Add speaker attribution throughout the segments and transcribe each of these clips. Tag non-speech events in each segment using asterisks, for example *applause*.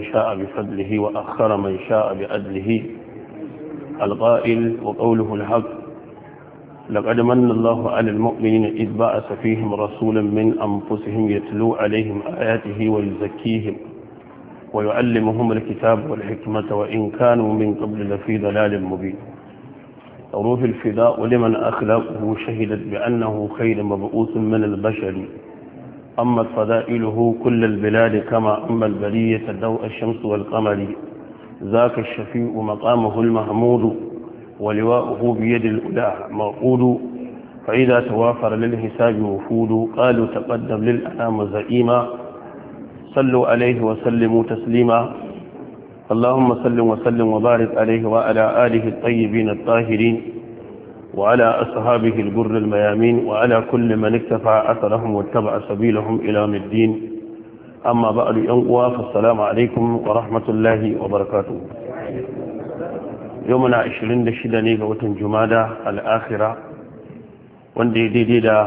Speaker 1: من شاء بفضله وأخر من شاء بأدله القائل وقوله الحق لقد من الله على المؤمنين إذ بعث فيهم رسولا من أنفسهم يتلو عليهم آياته ويزكيهم ويعلمهم الكتاب والحكمة وإن كانوا من قبل لفي ضلال مبين روح الفداء ولمن أخلاقه شهدت بأنه خير مبعوث من البشر أما فضائله كل البلاد كما أما البرية الضوء الشمس والقمر ذاك الشفيء مقامه المحمود ولواءه بيد الأولى موقود فإذا توافر للحساب وفود قالوا تقدم للأنام زئيما صلوا عليه وسلموا تسليما اللهم صل وسلم وبارك عليه وعلى آله الطيبين الطاهرين وعلى أصحابه الجر الميامين وعلى كل من اكتفى أثرهم واتبع سبيلهم إلى الدين أما بعد ينقوى فالسلام عليكم ورحمة الله وبركاته يومنا 26 ne ga watan Jumada al-Akhira wanda ya daidai da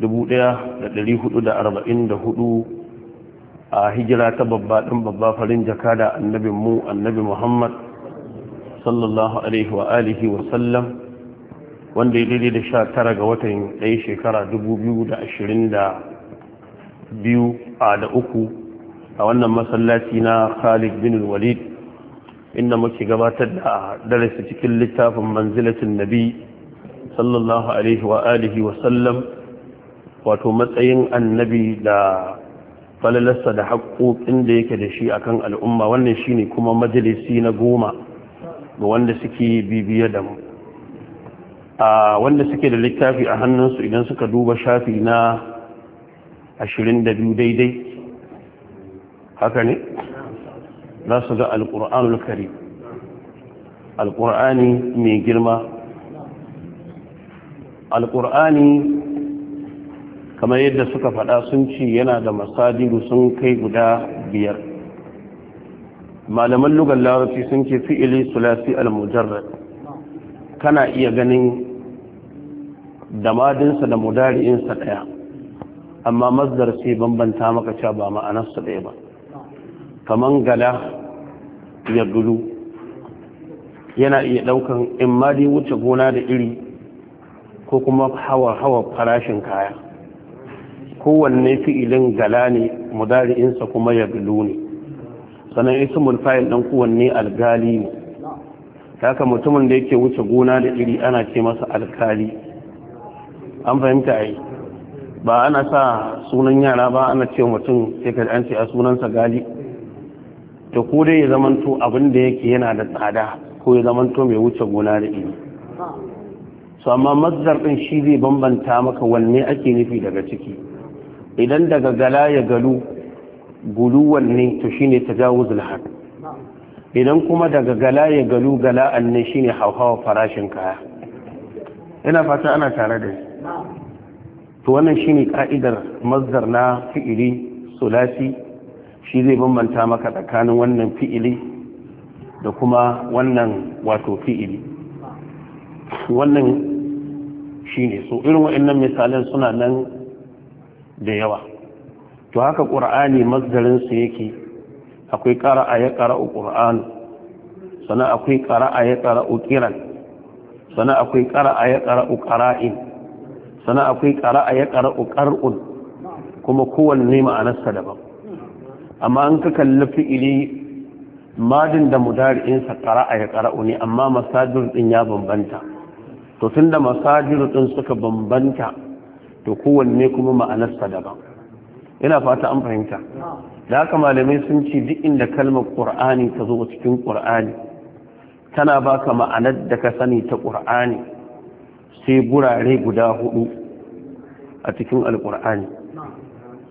Speaker 1: 1444 a hijira ta babba din babba farin jaka da annabin mu annabi Muhammad sallallahu wanda ya daidai da sha tara ga watan ɗaya shekara dubu biyu da ashirin da biyu a da uku a wannan masallaci na khalid bin walid inda muke gabatar da darasi cikin littafin manzilatin nabi sallallahu alaihi wa alihi wa sallam wato matsayin annabi da falalarsa da haƙoƙin da yake da shi akan al'umma wannan shine kuma majalisi na goma ga wanda suke bibiye da mu a wanda suke da littafi a hannunsu idan suka duba shafi na 22 daidai haka ne za su ga Alƙur'an kari alƙur'ani mai girma alƙur'ani kamar yadda suka faɗa sun ce yana da masadiru sun kai guda biyar malaman lugar larabci sun ce fi'ili sulasi al-mujarrad kana iya ganin da madinsa da mudari'insa ɗaya amma mazdar sai bambanta maka cewa ba ma'anarsa ɗaya ba Kamar gala ya gudu yana iya ɗaukan in ma dai wuce gona da iri ko kuma hawa-hawa farashin kaya kowanne fi'ilin gala ne mudari'insa kuma ya gudu ne sannan ismul mulfayin ɗan kowanne algali ne haka mutumin da yake wuce gona da iri ana ce masa alkali an fahimta yi ba ana sa sunan yara ba ana ce mutum sai ka an ce a sunansa gali to ko dai ya zamanto abin da yake yana da tsada ko ya zamanto mai wuce gona da ini su amma mazdar ɗin shi zai bambanta maka wanne ake nufi daga ciki idan daga gala ya galu gulu wanne to shine tajawuzul had idan kuma daga gala ya galu gala anne shine hauhawa farashin kaya ina fata ana tare da shi to wannan shine ka'idar mazdar na fi'ili sulasi shi zai bambanta maka tsakanin wannan fi'ili da kuma wannan wato fi'ili wannan shine so irin wa'annan misalan suna nan da yawa to haka ƙur'ani mazdarinsu yake akwai a ya ƙara'u ƙur'anu sana akwai a ya ƙara'u ƙiran sana akwai a ya ƙara'u ƙara'in sana akwai ƙara'a ya ƙara'u ƙar'un kuma kowanne ma'anarsa daban amma an ka kalli fi'ili madin da mudari'insa ƙara'a ya ƙara'u ne amma masajir ɗin ya bambanta to tun da masajir ɗin suka bambanta to kowanne kuma ma'anarsa daban ina fata an fahimta da haka malamai sun ce duk inda kalmar ƙur'ani ta zo cikin ƙur'ani tana baka ma'anar da ka sani ta ƙur'ani sai gurare guda hudu a cikin alkur'ani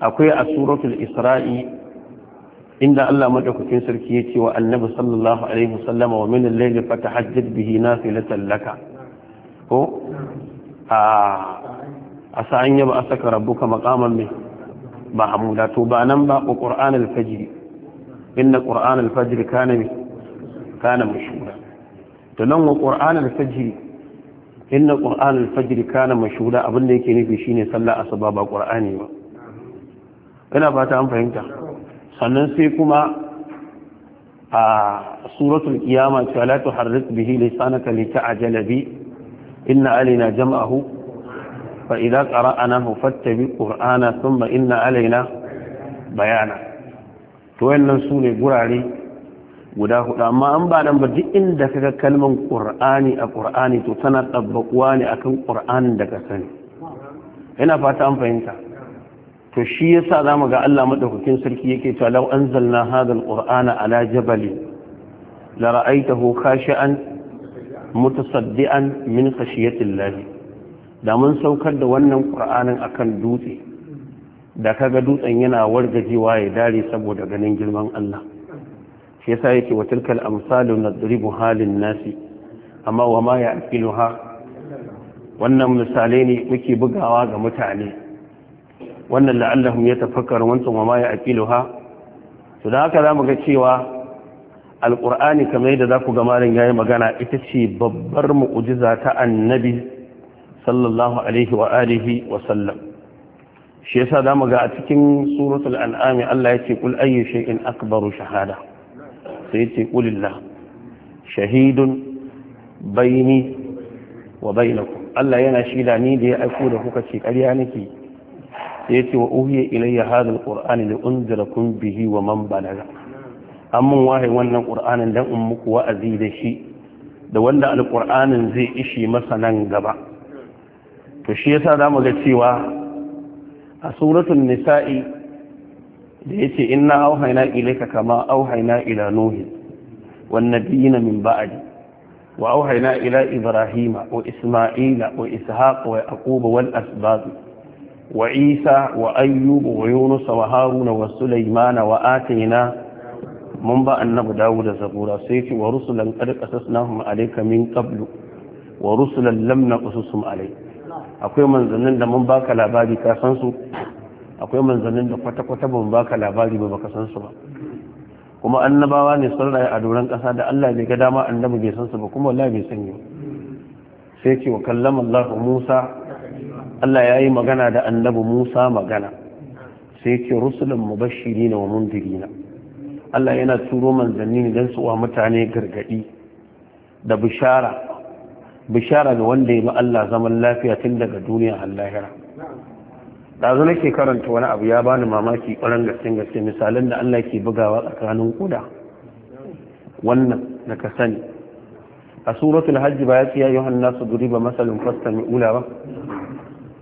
Speaker 1: akwai a suratul isra'i inda Allah madaukakin sarki ya ce wa annabi sallallahu alaihi wasallama wa min al-layli fatahajjat bihi nafilatan laka ko a a sa'an yaba asaka rabbuka maqaman min mahmuda to ba nan ba ko qur'an al-fajr inna qur'an al-fajr kana kana mashhura to nan wa qur'an al-fajr inna qur'an al-fajr kana mashhuda abin da yake nufi shine sallah asuba ba qur'ani ba ina fata an fahimta sannan sai kuma a suratul qiyama ta la tuharrik bihi lisanaka lita'jala bi inna alaina jam'ahu fa idza qara'nahu fattabi qur'ana thumma inna alaina bayana to wannan sune gurare guda hudu amma an ba nan ba duk inda kaga kalmar qur'ani a qur'ani to tana tabbakuwa ne akan qur'an daga sani ina fata an fahimta to shi yasa zamu ga Allah madaukakin sarki yake cewa law anzalna hadha alqur'ana ala jabali la ra'aytahu khashi'an mutasaddian min khashiyati da mun saukar da wannan qur'anin akan dutse da kaga dutsen yana wargajewa ya dare saboda ganin girman Allah shi yasa yake wa tilkal amsalu nadribu halin nasi amma wa ma ya'qiluha wannan misalai ne muke bugawa ga mutane wannan la'allahum yatafakkarun wancan wa ma ya'qiluha to da haka zamu ga cewa alqur'ani kamar yadda zaku ga malam yayi magana ita ce babbar mu'jiza ta annabi sallallahu alaihi wa alihi wa sallam shi yasa zamu ga a cikin suratul an'am Allah yake kul ayyu shay'in akbaru shahada sai ce ƙulillah shahidun baini wa bainakum Allah yana shida ni da ya aiko da kuka ce ƙarya nake sai ce wa uhiya ilayya hadha alqur'ani li unzirakum bihi wa man balaga mun wahai wannan qur'anin dan in muku wa'azi da shi da wanda alqur'anin zai ishi masa nan gaba to shi yasa zamu ga cewa a suratul nisa'i da ya ce inna auhaina ilaika kama auhaina ila nuhin wannabiyina min ba'di wa auhaina ila ibrahima wa isma'ila wa ishaq wa yaquba wal asbab wa isa wa ayyub wa yunus wa haruna wa sulaymana wa atayna mun ba annabi dawud da zabura sai ce wa rusulan qad qasasnahum alayka min qablu wa rusulan lam naqsusum alayk akwai manzannin da mun baka labari ka san su akwai manzannin da kwata-kwata ban baka labari ba baka san su ba kuma annabawa ne sun rayu a doron ƙasa da Allah bai ga dama annabi bai san su ba kuma wallahi bai sani sai ce wa kallama Allah Musa Allah ya yi magana da annabi Musa magana sai ce rusulun mubashirina wa mundirina Allah yana turo manzanni ne don su wa mutane gargadi da bishara bishara ga wanda ya bi Allah zaman lafiya tun daga duniya har lahira ɗazu nake karanta wani abu ya bani mamaki ƙwarar gaske gaske misalin da Allah ke bugawa tsakanin kuda wannan da ka sani a suratul hajji ba ya ce ya yi hannu guri ba masalin fasta mai ula ba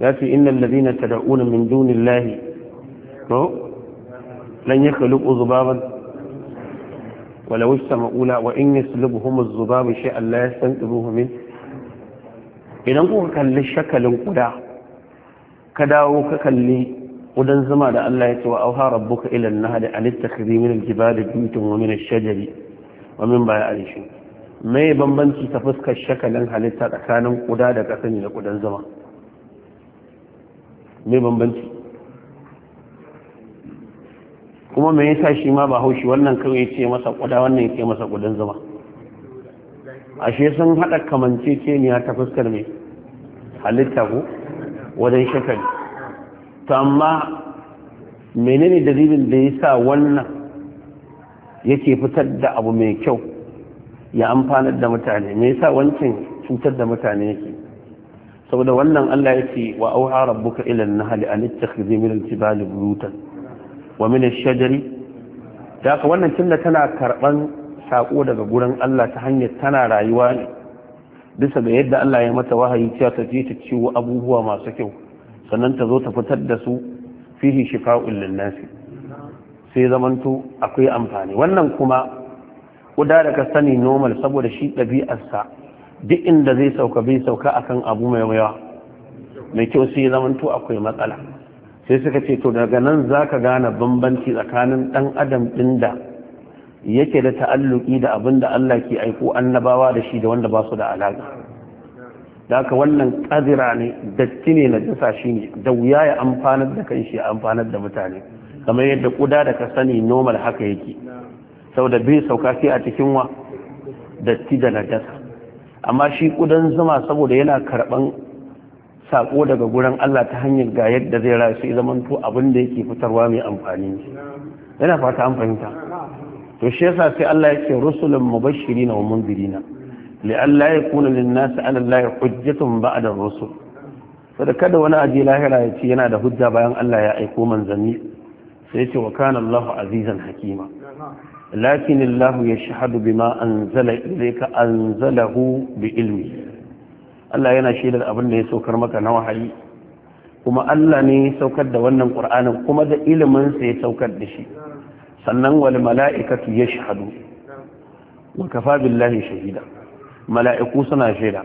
Speaker 1: ya ce inna lalina ta da'una min dunin lahi ko lan yi kalubu zubaban wala wista ma'ula wa in ya sulubu humus zubabu shi Allah ya san tsibu min idan kuka kalli shakalin kuda ka dawo ka kalli wadan zama da Allah ya ce wa auha rabbuka ila an-nahli an tattakhidhi min al-jibali buyutan wa min ash-shajari wa min ba'i al-shum me bambanci ta fuskar shakalin halitta tsakanin kuda da ƙasani da kudan zama me bambanci kuma me yasa shi ma ba haushi wannan kawai ce masa kuda wannan ce masa kudan zama ashe sun hada ce ne ta fuskar mai halitta ko wajen shakari to amma menene dalilin da ya sa wannan yake fitar da abu mai kyau ya amfanar da mutane me sa wancan cutar da mutane yake saboda wannan Allah ya ce wa auha rabbuka ila an-nahli an tattakhidhi min al-jibali buyutan wa min ash-shajari da wannan tunda tana karban sako daga gurin Allah ta hanyar tana rayuwa ne bisa ga yadda Allah ya mata wahayi cewa ta je ta ciwo abubuwa masu kyau sannan ta zo ta fitar da su fihi shifa'ul linnasi sai zamanto akwai amfani wannan kuma kuda da ka sani normal saboda shi ɗabi'arsa duk inda zai sauka bai sauka akan abu mai yawa mai kyau sai zamanto akwai matsala sai suka ce to daga nan zaka gane bambanci tsakanin dan adam ɗin da yake da ta'alluki da abin da Allah ke aiko annabawa da shi da wanda ba su da alaƙa da haka wannan ƙazira ne datti ne na jisa shi ne da wuya ya amfanar da kan shi ya amfanar da mutane kamar yadda ƙuda da ka sani normal haka yake da bai sauka sai a cikin wa datti da na dasa amma shi ƙudan zuma saboda yana karɓan saƙo daga gurin Allah ta hanyar ga yadda zai rasu zamanto abin da yake fitarwa mai amfani yana fata an fahimta to shi yasa sai Allah yake rusulun mubashirina wa mundirina li'alla yakuna lin-nas 'ala Allah hujjatun ba'da ar-rusul saboda kada wani aje lahira ya ce yana da hujja bayan Allah ya aiko manzanni sai ce wa kana Allah azizan hakima lakin Allah yashhadu bima anzala ilayka anzalahu bi ilmi Allah yana shaidar abin da ya saukar maka na wahayi kuma Allah ne ya saukar da wannan Qur'anin kuma da ilimin sa ya saukar da shi sannan wal mala'ikatu shahadu. wa kafa billahi shahida mala'iku suna shaida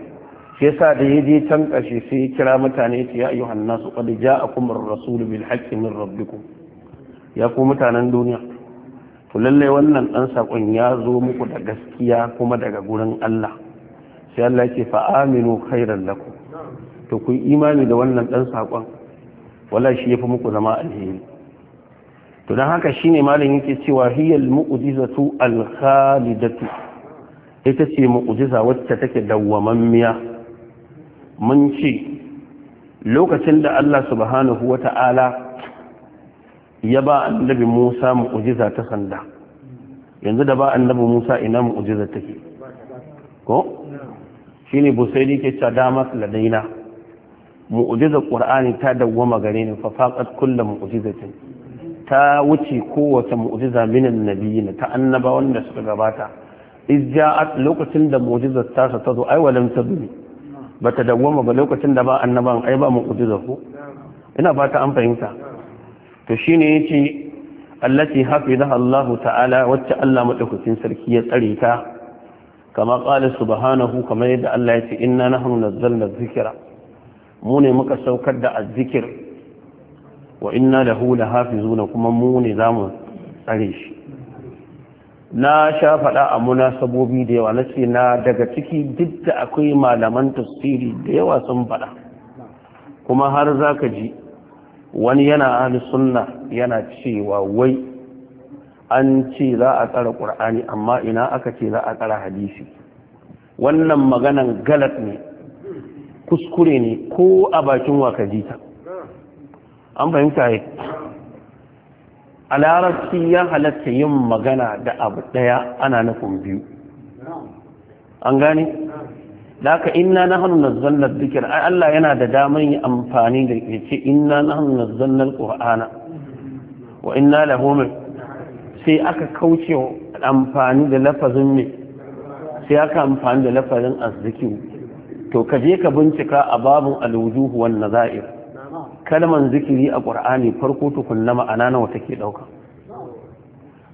Speaker 1: shi sa da yaje can kashe sai ya kira mutane ya ayyuhan nasu qad a kuma rasul bil haƙƙi min rabbikum ya ku mutanen duniya to wannan dan sakon ya zo muku da gaskiya kuma daga gurin Allah sai Allah ce fa aminu khairan lakum to ku imani da wannan dan sakon wala shi fi muku zama alheri to don haka shine malam yake cewa hiyal mu'jizatu al-khalidatu ita ce mu'jiza wacce take dawwamammiya mun ce lokacin da Allah subhanahu wata'ala ya ba annabi Musa mu'jiza ta sanda yanzu da ba annabi Musa ina mu'jiza take ko shine busaidi ke cewa dama ladaina mu'jiza qur'ani ta dawwama gare ni fa faqat kullu mu'jizatin ta wuce kowace mu'jiza minan nabiyina ta annaba wanda suka gabata izja'at lokacin da mu'jizar ta ta zo ai walam tadri bata dawwama ba lokacin da ba annaban ai ba mu'jizar ko ina ba ta an fahimta to shine yace allati hafizaha Allah ta'ala wacce Allah madaukakin sarki ya tsare ta kama qala subhanahu kamar yadda Allah yace inna nahnu nazzalna dhikra mu ne muka saukar da azzikir wa inna lahu lahafizuna kuma mu ne zamu tsare shi na sha faɗa a munasabobi da yawa nace na daga ciki duk da akwai malaman tafsiri da yawa sun faɗa kuma har zaka ji wani yana ahli sunna yana cewa wai an ce za a tsara ƙur'ani amma ina aka ce za a tsara hadisi wannan maganan galat ne kuskure ne ko a bakin wakajita an fahimta yi a larabci ya halatta yin magana da abu ɗaya ana nufin biyu an gane laka inna na hannun na zannar dukkan Allah yana da damar yi amfani da ya ce inna na hannun na zannar ƙwa'ana wa inna da homer sai aka kauce amfani da lafazin ne sai aka amfani da lafazin arziki to ka je ka bincika a babin alwujuhu wan nazair kalman zikiri a ƙur'ani farko tukunna ma'ana nawa take ɗauka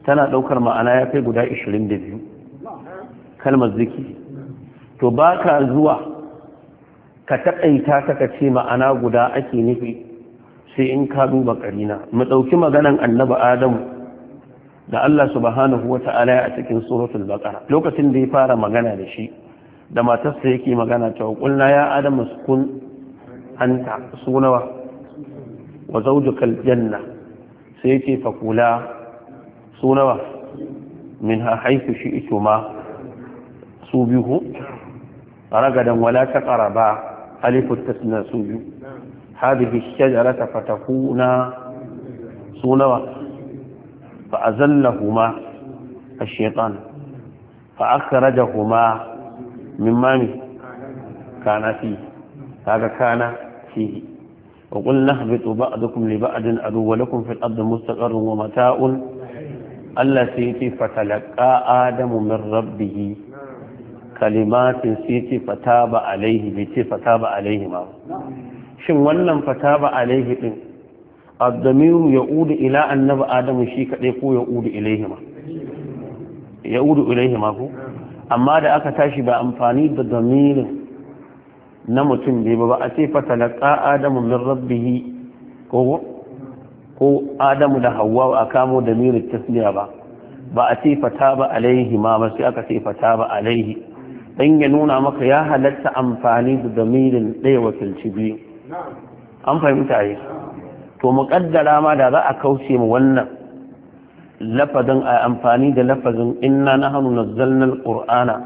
Speaker 1: tana ɗaukar ma'ana ya kai guda 22 kalmar zikiri to ba ka zuwa ka taƙaita ta ka ce ma'ana guda ake nufi sai in ka duba ƙarina mu ɗauki maganan annaba adamu da Allah subhanahu wa ta'ala a cikin suratul baqara lokacin da ya fara magana da shi da matarsa yake magana ta qulna ya adamu kun anta sunawa wa zawjuka aljanna sai fa fakula sunawa minha haythu shi'tuma su bihu ragadan wala ta alif at-tasna su bihu hadhihi ash-shajarata fatakuna sunawa فأزلهما الشيطان فأخرجهما مما كان فيه هذا kana فيه وقلنا اهبطوا بعضكم لبعض عدو ولكم في الأرض مستقر ومتاع الله سيتي فتلقى آدم من ربه كلمات سيتي فتاب عليه بيتي فتاب عليهما شن ولن فتاب عليه إن الضمير يعود إلى أن آدم شيك يقول يعود إليهما يعود إليهما هو أما da aka tashi ba amfani da damirin na mutum bai ba a ce fatalaka adamu min rabbihi ko ko adamu da hawa a kamo da mirin tasniya ba ba a ce fata ba alaihi ma ba sai aka ce fata ba alaihi dan ya nuna maka ya halatta amfani da damirin ɗaya wakilci biyu an fahimta yi to muƙaddara ma da za a kauce mu wannan lafazin a amfani da lafazin inna nahnu nazzalna alqur'ana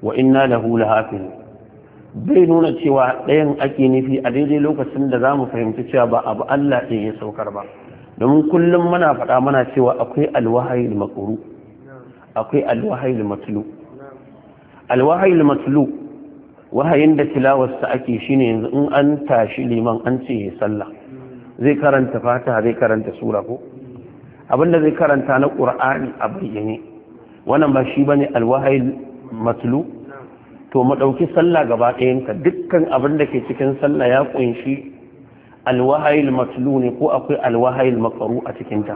Speaker 1: wa inna lahu lahafiz zai nuna cewa ɗayan ake nufi a daidai lokacin da za mu fahimci cewa ba abu Allah ɗin ya saukar ba domin kullum muna faɗa mana cewa akwai alwahayi makuru akwai alwahayi matulu alwahayi matulu wahayin da tilawarsa ake shine yanzu in an tashi liman an ce ya sallah zai karanta fata zai karanta sura ko abinda zai karanta na ƙur'ani a bayyane wannan ba shi bane alwahayi matulu to mu sallah gaba ɗayanka dukkan abin da ke cikin sallah ya kunshi alwahayil matlu ne ko akwai alwahayil makaru a cikin ta.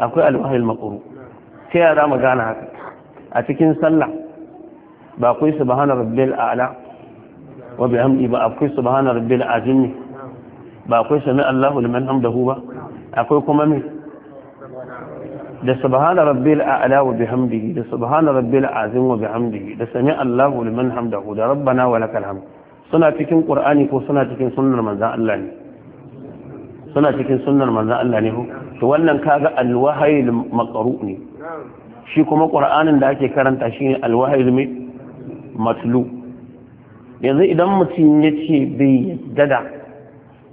Speaker 1: akwai alwahayil makaru ta yaya za mu gane haka a cikin sallah ba akwai subhana rabbil a'la wa bihamdi ba akwai subhana rabbil azim ba akwai sami Allahu liman hamdahu ba akwai kuma me da subhana rabbil a'la wa bihamdihi da subhana rabbil azim wa bihamdihi da sami Allahu liman hamdahu da rabbana wa lakal hamd suna cikin qur'ani ko suna cikin sunnar manzon Allah ne suna cikin sunnar manzon Allah ne to wannan kaga alwahyi maqru ne shi kuma qur'anin da ake karanta shine alwahyi matlu yanzu idan mutum ya ce bai yadda da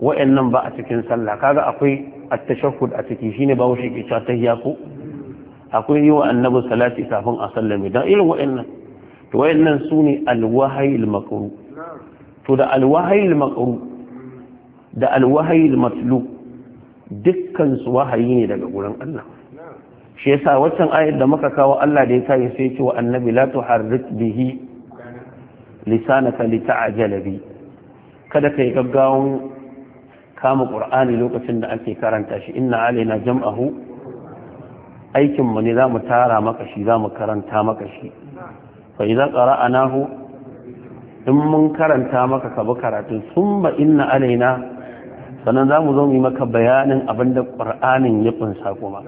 Speaker 1: wa'annan ba a cikin sallah kaga akwai at-tashahhud a ciki shine ba wuce ke ta tahiya ko akwai yi wa annabi salati kafin a sallame don irin waɗannan to waɗannan su ne alwahayil makaru to da alwahayil makaru da alwahayil matlu dukkan su wahayi ne daga gurin Allah shi yasa waccan ayar da muka kawo Allah da ya kai sai ce wa annabi la tuharrik bihi lisanaka lita'jala bi kada kai gaggawan kama qur'ani lokacin da ake karanta shi inna alaina jam'ahu aikinmu ne za mu tara maka shi za mu karanta maka shi fa iza qara'anahu in mun karanta maka ka bi karatu. summa inna alaina sannan za mu zo mu yi maka bayanin abin da qur'anin ya kunsa kuma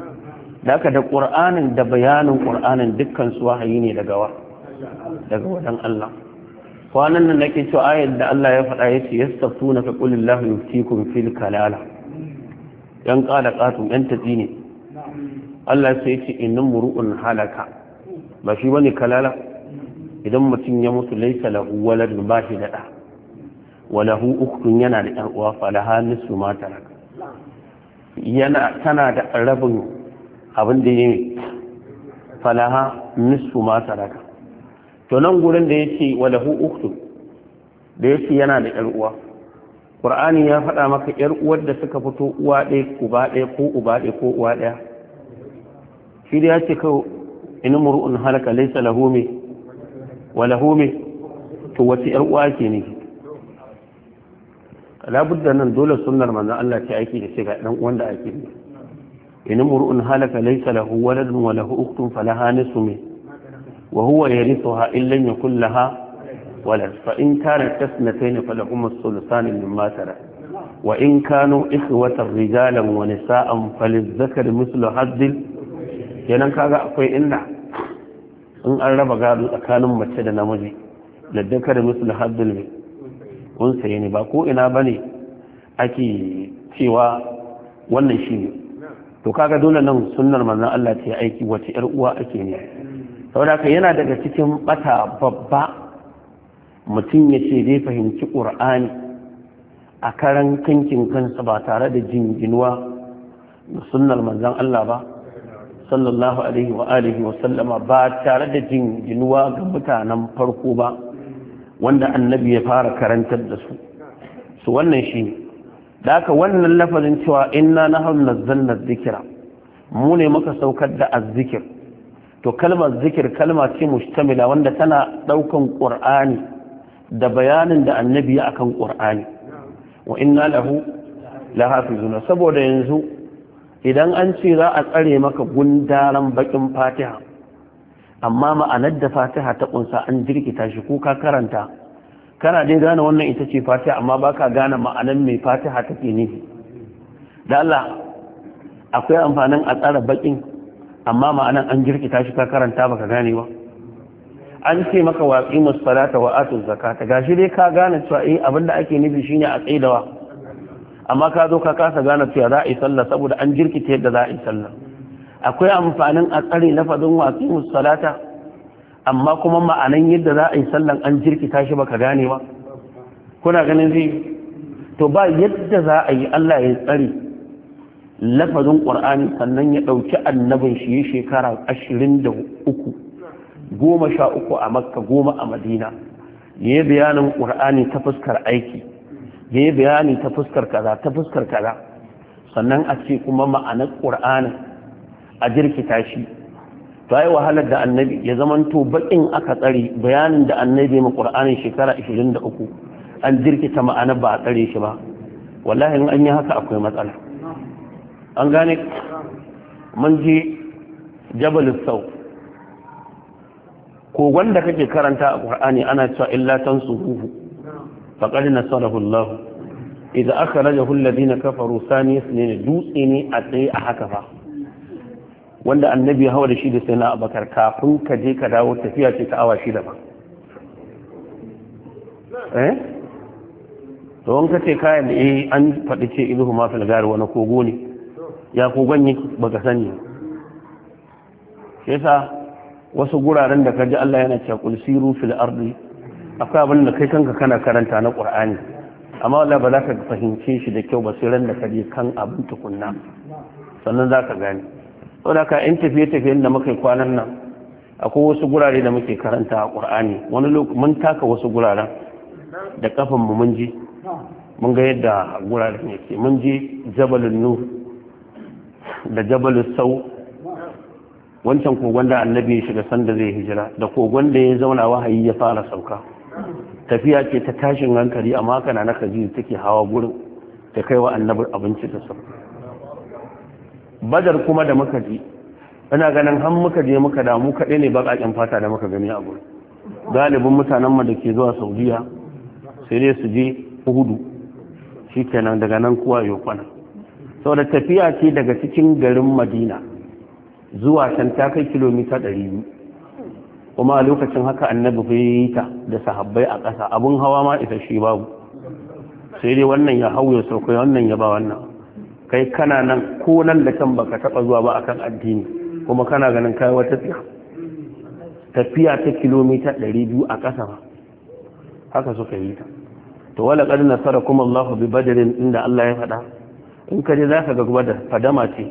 Speaker 1: da da qur'anin da bayanin qur'anin dukkan su wahayi ne daga wa daga wadan Allah kwanan nan nake cewa ayat da Allah ya faɗa yace yastafuna ka qulillahu yuftikum fil kalala yan qala qatum yan tadini Allah sai ce inna muru'un halaka ba shi bane kalala idan mutum ya mutu laisa lahu walad ba shi da da walahu ukhtun yana da yan uwa falaha nisfu ma taraka yana tana da rabin abin da yake falaha nisfu ma taraka to nan gurin da yake walahu ukhtun da yake yana da yan uwa Qur'ani ya faɗa maka ‘yar uwar da suka fito uwa ɗaya, uba ɗaya ko uba ɗaya ko uwa ɗaya, shi da ya ce kawo in mur'un halaka laisa lahume wa lahume to wace yar uwa ke ne da nan dole sunnar manzon Allah ce aiki da shi ga dan wanda ake ne in mur'un halaka laisa lahu waladun wa lahu ukhtun falaha nisfu wa huwa yarithuha in lam yakul laha walad fa in kanat tasnatayn falahum as-sulusan mimma tarak وإن كانوا إخوة رجالا ونساء فللذكر مثل حد kenan kaga akwai inda in an raba gado tsakanin mace da namiji da dukkan da musul haddul mai kun saye ne ba ko ina ba ne ake cewa wannan shi ne to kaga dole nan sunnar manzon Allah ta yi aiki wace yar uwa ake ne saboda haka yana daga cikin bata babba mutum ya ce zai fahimci qur'ani a karan kankin kansa ba tare da jinginuwa da sunnar manzon Allah ba sallallahu alaihi wa alihi wa sallama ba tare da jin ginuwa ga mutanen farko ba wanda annabi ya fara karantar da su su wannan shi da aka wannan lafazin cewa inna na nazzalna zikira mu ne muka saukar da azzikir to kalmar zikir kalma ce mustamila wanda tana daukan qur'ani da bayanin da annabi akan qur'ani wa inna lahu lahafizuna saboda yanzu idan an ce za a tsare maka gundaran bakin fatiha amma ma'anar da fatiha ta kunsa an jirkita shi ko ka karanta kana dai gane wannan ita ce fatiha amma ba ka gane ma'anar mai fatiha take nufi da Allah akwai amfanin a tsara bakin amma ma'anar an jirkita shi ka karanta baka gane ba an ce maka watsi musfalata wa atuz zakata gashi dai ka gane cewa eh abinda ake nufi shine a tsaidawa amma ka zo ka kasa gane cewa za a yi sallah saboda an jirkice yadda za a yi sallah akwai amfanin a tsare lafazin wasu musalata amma kuma ma'anan yadda za a yi sallah an jirkita shi baka gane ba kuna ganin zai to ba yadda za a yi Allah ya tsare lafazin ƙwar'ani sannan ya ɗauki annabin shi ya shekara ashirin da uku goma sha uku a makka goma a madina ya yi bayanin ƙwar'ani ta fuskar aiki ya yi bayani ta fuskar kaza ta fuskar kaza sannan a ce kuma ma'anar ƙur'anin a jirkita shi ta yi wahalar da annabi ya zamanto bakin aka tsare bayanin da annabi ma ƙur'anin shekara 23 an jirkita ma'ana ba a tsare shi ba wallahi in an yi haka akwai matsala an gane mun je jabal sau kogon da kake karanta a ƙur'ani ana cewa illa suhuhu faƙar nasarahullahu idan aka raja hulladi na kafaru sani ne dutse ne a tsaye a haka fa wanda annabi ya hawa da shi da sai na abakar kafin ka je ka dawo tafiya ce ta awa shida ba eh to wanka ce kayan da eh an faɗi ce izuhu ma wani kogo ne ya kogon ne baka sani shi yasa wasu guraren da ka ji Allah yana cewa kul siru fil ardi akwai abin da kai kanka kana karanta na ƙur'ani amma wala ba za ka fahimce shi da kyau ba sai ran da ka je kan abin tukunna sannan za ka gane saboda ka yan tafiye-tafiyen da muka kwanan nan akwai wasu gurare da muke karanta a ƙur'ani wani mun taka wasu guraren da kafan mu mun je mun ga yadda guraren yake mun je jabalin nu da jabalin sau wancan kogon da annabi ya shiga sanda zai hijira da kogon da ya zauna wahayi ya fara sauka tafiya ce ta tashin hankali amma kana na kaji take hawa gurin ta kai wa annabar abinci da su badar kuma da muka ji ina ganin har muka je muka da kaɗai ne ƙin fata da muka gani a gurin galibin mutanen mu da ke zuwa saudiya sai dai su je Hudu. Shi kenan daga nan kuwa yau kwana saboda tafiya ce daga cikin garin madina zuwa can ta kilomita ɗari biyu kuma a lokacin haka annabi bai yi ta da sahabbai a ƙasa abun hawa ma isa shi babu sai dai wannan ya hau ya sauka wannan ya ba wannan kai kana nan ko nan da can baka taba zuwa ba akan addini kuma kana ganin kai wata tafiya ta kilomita 200 a ƙasa ba haka suka yi ta to wala qad nasarakum Allahu bi badrin inda Allah ya fada in ka je zaka ga badar fadama ce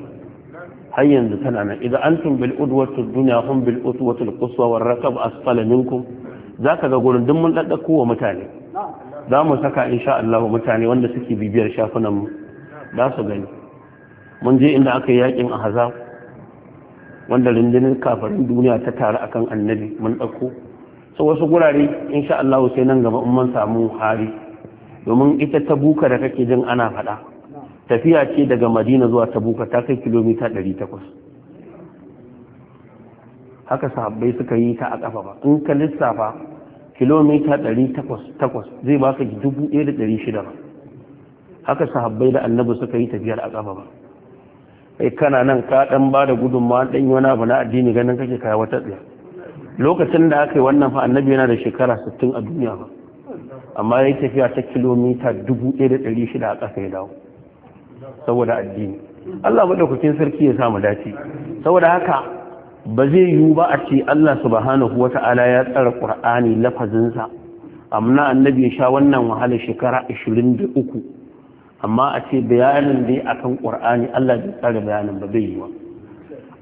Speaker 1: har yanzu tana nan idan antum bil udwatu dunya hum bil udwatu al quswa wal rakab asfala minkum zaka ga gurin duk mun dadda wa mutane za mu saka insha Allah mutane wanda suke bibiyar shafunan mu za su gani mun je inda aka yi yakin ahzab wanda rundunar kafarin duniya ta taru akan annabi mun dauko so wasu gurare insha Allah sai nan gaba in mun samu hari domin ita ta buka da kake jin ana faɗa tafiya ce daga madina zuwa tabuka ta kai kilomita 800 haka sahabbai suka yi ta a kafa ba in ka lissafa kilomita 800 zai baka 1600 ba haka sahabbai da annabi suka yi tafiyar a kafa ba kai kana nan ka dan ba da gudunmawa dan yi wani abu na addini ganin kake kai wata tsaya lokacin da aka yi wannan fa annabi yana da shekara 60 a duniya ba amma ya tafiya ta kilomita 1600 a ƙasa ya dawo saboda addini Allah madaukakin sarki ya samu dace saboda haka ba zai yiwu ba a ce Allah subhanahu wata'ala ya tsara Qur'ani lafazinsa amma annabi ya sha wannan wahala shekara 23 amma a ce bayanin dai akan Qur'ani Allah bai tsara bayanin ba zai ba. yiwa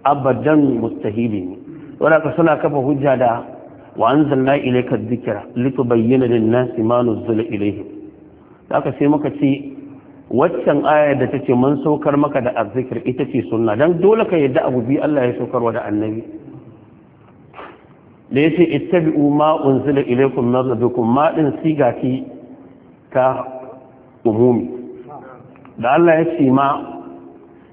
Speaker 1: abadan mustahili ne wala ka suna kafa hujja da wa anzalna ilayka dhikra litubayyana lin-nasi ma nuzila Da haka sai muka ce waccan ayar da ta ce mun saukar maka da azzikir ita ce sunna don dole ka yadda abu biyu Allah ya saukarwa da annabi da ya ce ittabi'u ma unzila ilaikum min rabbikum ma ɗin siga ki ta umumi da Allah ya ce ma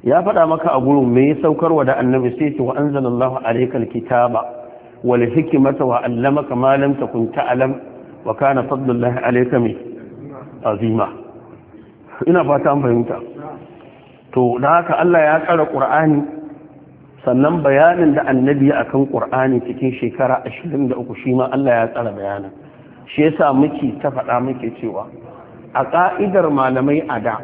Speaker 1: ya faɗa maka a gurin me ya saukarwa da annabi sai ce wa anzalallahu alaikal kitaba wal hikmata wa allamaka ma lam takun ta'lam wa kana fadlullahi mai azima ina fata an fahimta to da haka Allah ya tsara ƙur'ani sannan bayanin da annabi a kan ƙur'ani cikin shekara 23 shi ma Allah ya tsara bayanin shi yasa muke ta faɗa muke cewa a ƙa'idar malamai a da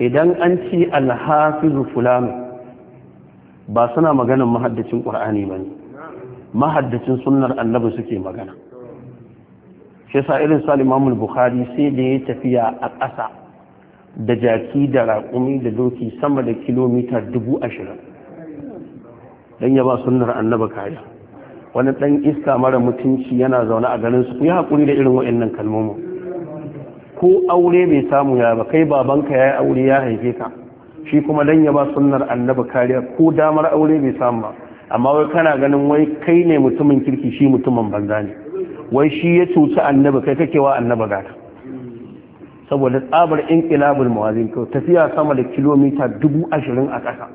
Speaker 1: idan an ce alhafizu fulani ba suna maganin mahaddacin ƙur'ani ba ne mahaddacin sunnar annabi suke magana shi yasa irin su bukhari sai da ya tafiya a ƙasa da jaki da raƙumi da doki sama da kilomita dubu ashirin don ya ba annaba kaya wani ɗan iska mara mutunci yana zaune a garin su ya haƙuri da irin wa'annan kalmomin ko aure bai samu ya ba kai babanka ya yi aure ya haife ka shi kuma don ya ba sunnar annaba kariya ko damar aure bai samu ba amma wai kana ganin wai kai ne mutumin kirki shi mutumin banza ne wai shi ya cuci annaba kai kake wa annaba gata saboda tsabar inqilabul mawazin to tafiya sama da kilomita ashirin a ƙasa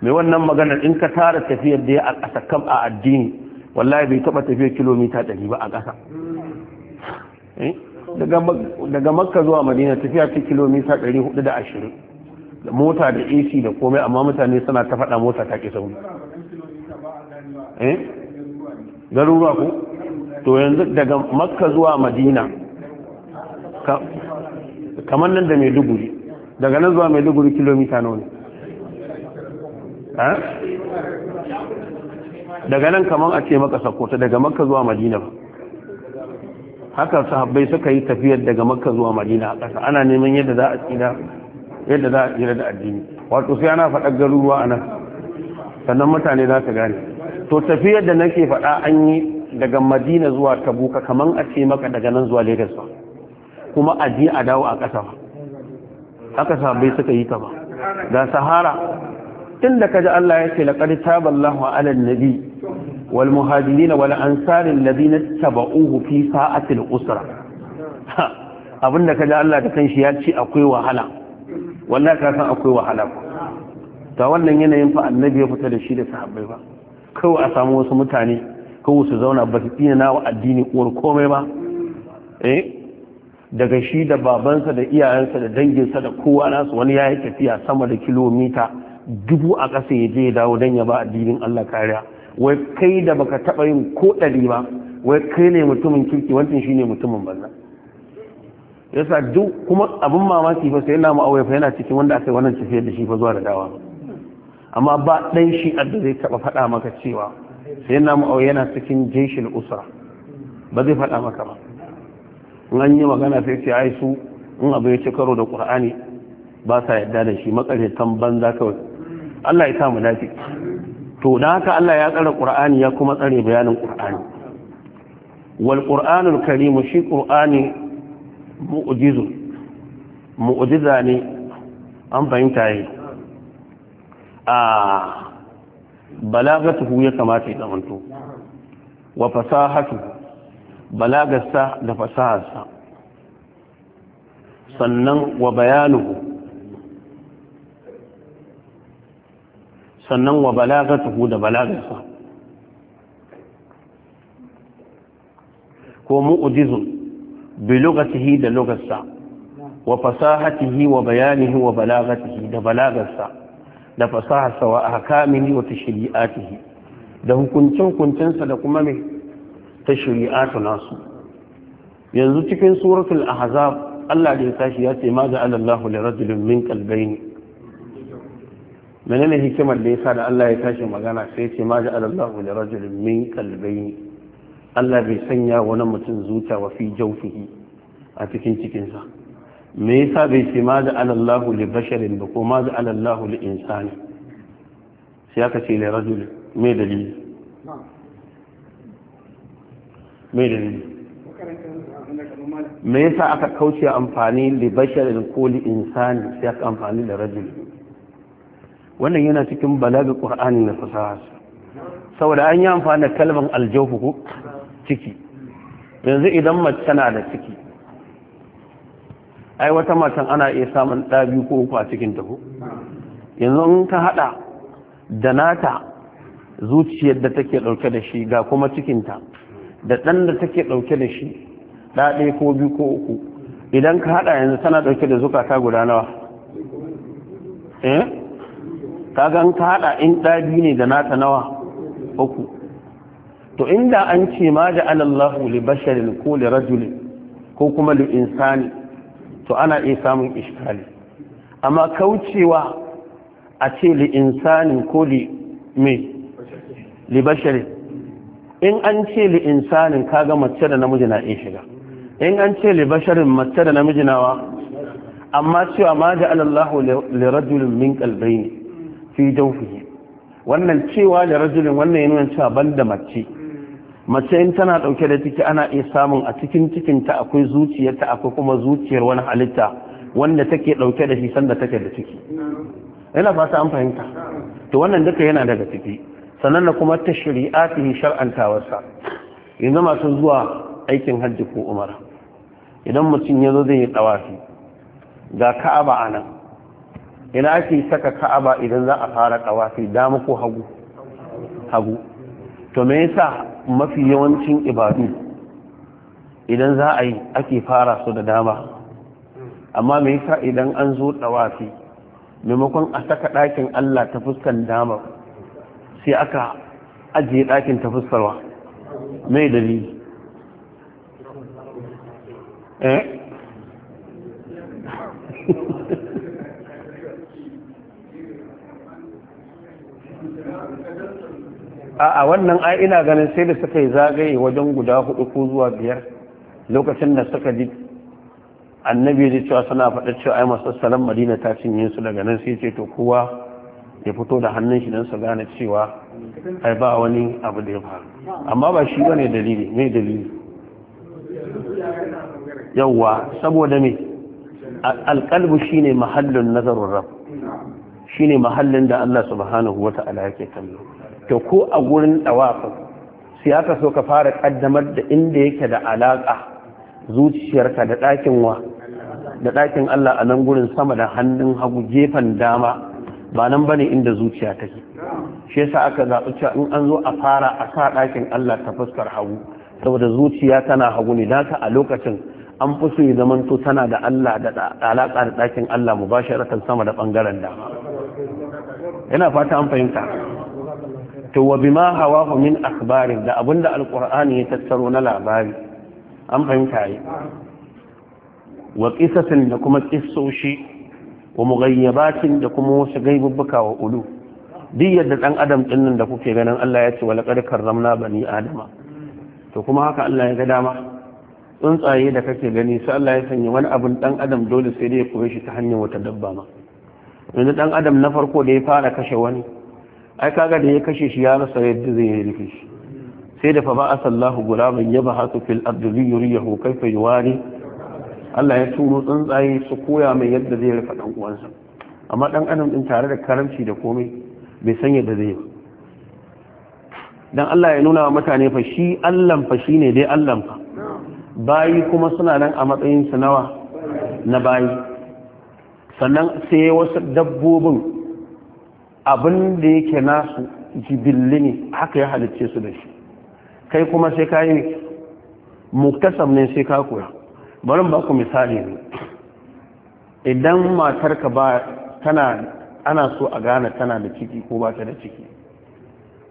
Speaker 1: mai wannan maganar in ka tara tafiyar da ya a ƙasa kam a addini wallahi bai taba tafiyar kilomita 100 ba a ƙasa eh? daga makka zuwa madina tafiya ta kilomita 420 mota da ac da komai amma mutane suna ta faɗa mota ta ƙi sauri eh? garuruwa ku to yanzu daga makka zuwa madina kamar nan da maiduguri daga nan zuwa maiduguri kilomita nawa ne
Speaker 2: daga nan kamar a ce maka
Speaker 1: sakota daga makka zuwa madina ba haka sahabbai suka yi tafiyar daga makka zuwa madina a ƙasa ana neman yadda za a tsira yadda za a tsira da addini wato sai ana faɗar garuruwa a nan sannan mutane za su gane to tafiyar da nake faɗa an yi daga madina zuwa tabuka kamar a ce maka daga nan zuwa lagos ba kuma a je a dawo a ƙasa ba haka sabai suka yi ta ba da sahara Inda ka kaji Allah ya ce laqad taballahu ala nabi wal muhajirin wal ansar alladhina tabauhu fi sa'atil usra abinda kaji Allah da kanshi ya ce akwai wahala wallahi ka san akwai wahala ta wannan yanayin fa annabi ya fita da shi da sahabbai ba kawai a samu wasu mutane kawai su zauna ba su tsina na wa addini uwar komai ba eh daga shi da babansa da iyayensa da danginsa da kowa nasu wani ya yi tafiya sama da kilomita dubu a ƙasa ya je ya dawo don ya ba addinin Allah kariya wai kai da baka taɓa yin ko ɗari ba wai kai ne mutumin kirki wancan shi ne mutumin banza yasa duk kuma abin mamaki fa sai namu aure fa yana cikin wanda aka yi wannan tafiyar da shi fa zuwa da dawa amma ba ɗan shi da zai taɓa faɗa maka cewa sai namu aure yana cikin jeshin usra ba zai faɗa maka ba an yi magana sai ce ai su in abu ya ci karo da ƙur'ani ba sa yadda da shi makaratan banza kawai Allah ya sa mu dace to da haka Allah ya tsara ƙur'ani ya kuma tsare bayanin ƙur'ani wal ƙur'anul karim shi ƙur'ani mu'jizu mu'jiza ne an fahimta yi a balagatuhu ya kamata ya zamanto wa fasahatuhu balagarsa da fasaharsa sannan wa bayanuhu sannan wa balagatuhu da balagarsa ko mu'ujizun bi lugatihi da lugarsa wa fasahatihi wa bayanihi wa balagatihi da balagarsa da fasaharsa wa ahkamihi wa tashri'atihi da hukuncin hukuncinsa da kuma mai ta shari'atu nasu yanzu cikin suratul ahzab Allah da ya tashi ya ce ma da Allahu li rajulin min qalbayn menene hikimar da yasa da Allah ya tashi magana sai ya ce ma da Allahu li rajulin min qalbayn Allah bai sanya wani mutum zuta wa fi jawfihi a cikin cikinsa me yasa bai ce ma da Allahu li basharin ba ko ma da Allahu li insani sai aka ce li rajulin me dalili mai dalili me yasa aka kauce amfani da basharin ko li insani sai aka amfani da rajul wannan yana cikin balaga qur'ani na fasaha saboda an yi amfani da kalmar aljawfu ku? ciki yanzu idan mace tana da ciki ai wata matan ana iya samun ɗa ko uku a cikin ta yanzu in ka hada da nata zuciyar da take ɗauke da shi ga kuma cikinta da ɗan da take ɗauke da shi ɗaɗe ko biyu ko uku idan ka haɗa yanzu tana ɗauke da zukata guda nawa eh ga ka haɗa in ɗabi ne da nata nawa uku to inda an ce ma da alallahu li basharin ko li rajulin ko kuma li insani to ana iya samun iskali amma kaucewa a ce li insanin ko li me li basharin in an ce li insanin kaga mace da namiji na in shiga in an ce li basharin mace da namiji nawa amma cewa ma da Allahu li rajulin min ne, fi jawfihi wannan cewa da rajulin wannan yana nuna cewa banda mace mace in tana dauke da ciki ana iya samun a cikin cikin ta akwai zuciyar ta akwai kuma zuciyar wani halitta wanda take dauke da shi sanda take da ciki yana fata an fahimta to wannan duka yana daga ciki sannan na kuma ta yi shar'antawarsa yanzu masu zuwa aikin hajji ko umar idan mutum ya zo zai yi tsawafi ga ka'aba a nan ina ake saka ka'aba idan za a fara tsawafi dama ko hagu hagu to me yasa mafi yawancin ibadu idan za a yi ake fara su da dama amma me yasa idan an zo tsawafi maimakon a saka ɗakin Allah ta fuskan damar? sai aka ajiye ɗakin ta fuskarwa mai dalili a'a eh? a wannan ai ina ganin sai da suka yi zagaye wajen guda hudu ko zuwa biyar lokacin da suka ji annabi ya cewa suna faɗa cewa ai masu salam madina ta cinye su daga nan sai ce to kowa ya fito da hannun shi don su gane cewa ai ba wani abu da ya faru amma ba shi bane dalili mai dalili
Speaker 2: yawwa saboda me
Speaker 1: alkalbu shine mahallin nazarur shine mahallin da Allah subhanahu wa ta'ala yake kallo to ko a gurin dawafa sai aka so ka fara kaddamar da inda yake da alaka zuciyarka da dakin wa da dakin Allah a nan gurin sama da hannun hagu gefen dama ba nan bane inda zuciya take shi yasa aka zaɓi cewa in an zo a fara a sa ɗakin Allah ta fuskar hagu saboda zuciya tana hagu ne da ta a lokacin an fi so zaman zamanto tana da Allah da alaƙa da ɗakin Allah mu bashi sama da ɓangaren da yana fata an fahimta to wa bima hu min akhbarin da abinda alqur'ani ya tattaro na labari an fahimta yi wa qisatin da kuma qissoshi wa mughayyabatin da kuma wasu gaibubbuka wa ulu duk yadda dan adam din nan da kuke ganin Allah ya ce walaqad karramna bani adama to kuma haka Allah ya ga dama tsuntsaye da kake gani sai Allah ya sanya wani abin dan adam dole sai dai ya kure shi ta hanyar wata dabba ma yanzu dan adam na farko da ya fara kashe wani ai kaga da ya kashe shi ya rasa yadda zai yi rufe shi sai da fa ba asallahu gulaban yaba hasu fil ardi yuriyahu kayfa yuwari Allah ya turo tsuntsaye su koya mai yadda zai rufe ɗan uwansa amma ɗan adam ɗin tare da karamci da komai bai san yadda zai dan Allah ya nuna wa mutane fa shi Allah fa shine dai Allah fa bayi kuma suna nan a matsayin su nawa na bayi sannan sai wasu dabbobin abin da yake nasu jibilli ne haka ya halicce su da shi kai kuma sai ka yi muktasam ne sai ka koya barin ba ku misali ne idan matarka ba tana ana so a gane tana da ciki ko ba ta da ciki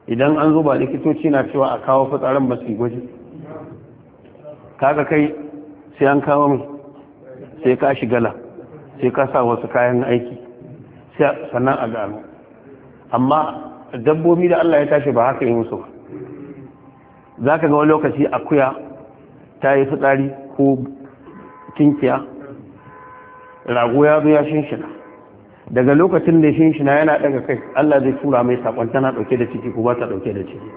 Speaker 1: idan an zo ba likitoci na cewa a kawo fitsarin ba su yi gwaji kaga kai sai an kawo mai sai ka shigala sai ka sa wasu kayan aiki sannan a gano amma dabbobi da Allah ya tashi ba haka yi musu za ka ga wani lokaci akuya ta yi fitsari ko kinkiya rago ya zo ya shinshina daga lokacin da shinshina yana daga kai Allah zai tura mai sakon tana dauke da ciki ko ba ta dauke da ciki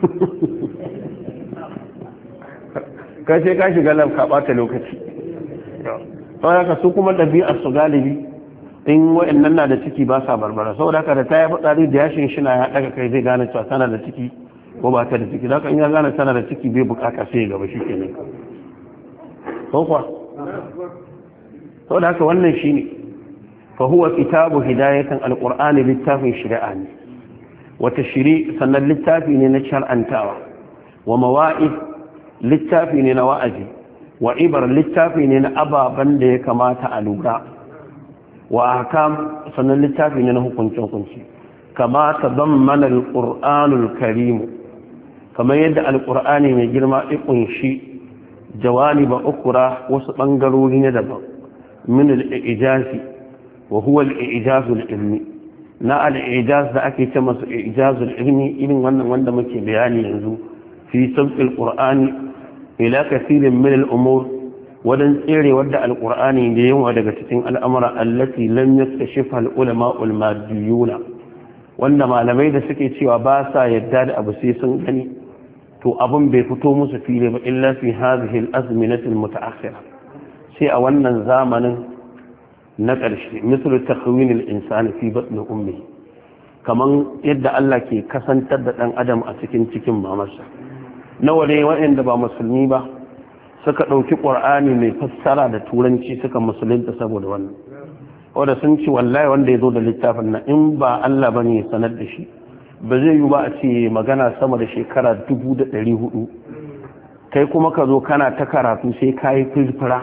Speaker 2: *laughs*
Speaker 1: ka ce ka shiga lam ka bata lokaci saboda ka su kuma ɗabi'ar su galibi in wa'annan na da ciki ba sa barbara saboda ka da ta yi fitsari da yashin shina ya daga kai zai gane cewa tana da ciki ko ba ta da ciki ka in ya gane tana da ciki bai bukata sai gaba shi kenan ko sau da haka wannan shi ne fahuwa kitabu hidayatan alƙur'ani littafin shari'a ne wata shiri sannan littafi ne na shar'antawa wa mawa'id littafi ne na wa'azi wa ibar littafi ne na ababen da ya kamata a lura wa akam sannan littafi ne na hukuncin hukunci kama ta don mana alƙur'anul karimu kamar yadda alƙur'ani mai girma ya jawali ba ukura wasu ɓangarori na daban minul ijazi wa huwa al-ijazul ilmi na al da ake ce masa ijazul ilmi irin wannan wanda muke bayani yanzu fi sabqil qur'ani ila kathirin min al-umur wadan tsere wadda al-qur'ani da yawa daga cikin al'amura allati lam yaktashifha al-ulama al wanda malamai da suke cewa ba sa yadda da abu sai sun gani to abin bai fito musu fili ba illa fi hazihi al-azminati al-muta'akhkhira sai a wannan zamanin na ƙarshe misal takwin insani fi batni ummi kaman yadda Allah ke kasantar da dan adam a cikin cikin mamarsa nawa ne waɗanda ba musulmi ba suka ɗauki ƙur'ani mai fassara da turanci suka musulunta saboda wannan wanda sun ci wallahi wanda ya zo da littafin nan in ba Allah bane ya sanar da shi ba zai yi ba a ce magana sama da shekara dubu da ɗari hudu kai kuma ka zo kana ta karatu sai ka yi firfira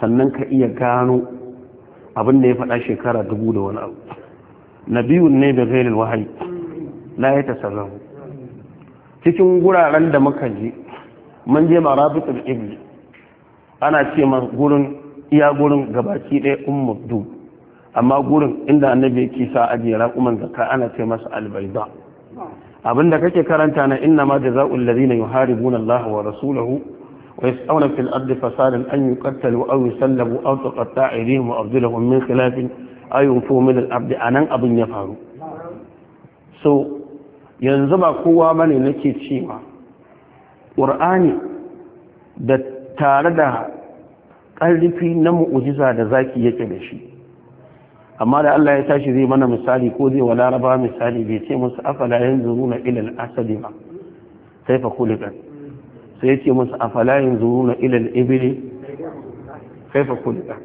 Speaker 1: sannan ka iya gano abin da ya faɗa shekara dubu da wani abu na biyun ne da gairin wahayi na ya tasarrafu cikin guraren da muka je mun je marabitul ibi ana ce ma gurin iya gurin gabaki ɗaya ummu amma gurin inda annabi yake sa ajiye raƙuman zakka ana ce masa albaida abinda kake karanta na inna ma jazaa'ul ladina yuharibuna Allah wa rasulahu wa yas'awna fil ardi fasadan an yuqattalu aw yusallabu aw tuqatta'a aydihim wa arjuluhum min khilafin ay yunfu min al-abd anan abin ya faru so yanzu ba kowa bane nake cewa qur'ani da tare da ƙarfi na mu'ujiza da zaki yake da shi amma da Allah ya tashi zai mana misali ko zai wa laraba misali bai ce musu afala yin zuruna al asali ba sai fa kulikan sai ya ce musu afala yin zuruna al-ibli sai fa kulikan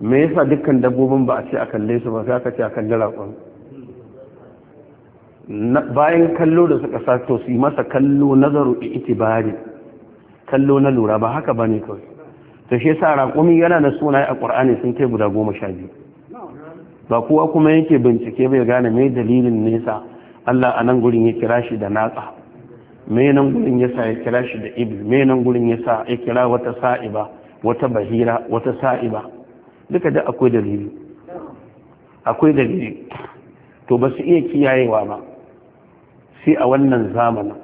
Speaker 1: me yasa dukkan dabbobin ba a ce a kalle su ba sai aka ce a kalle raƙon bayan kallo da suka sato su yi masa kallo nazaru itibari kallo na lura ba haka bane kawai to shi yasa raƙumi yana da sunaye a Qur'ani sun kai guda goma sha biyu ba kuwa kuma yake bincike bai gane mai dalilin nesa Allah a nan gurin ya kira shi da natsa mai nan gurin ya sa ya kira shi da ibil mai nan gurin ya sa ya kira wata sa'iba wata bahira wata sa'iba duka da akwai dalili akwai dalili to ba su iya kiyayewa ba sai a wannan zamanin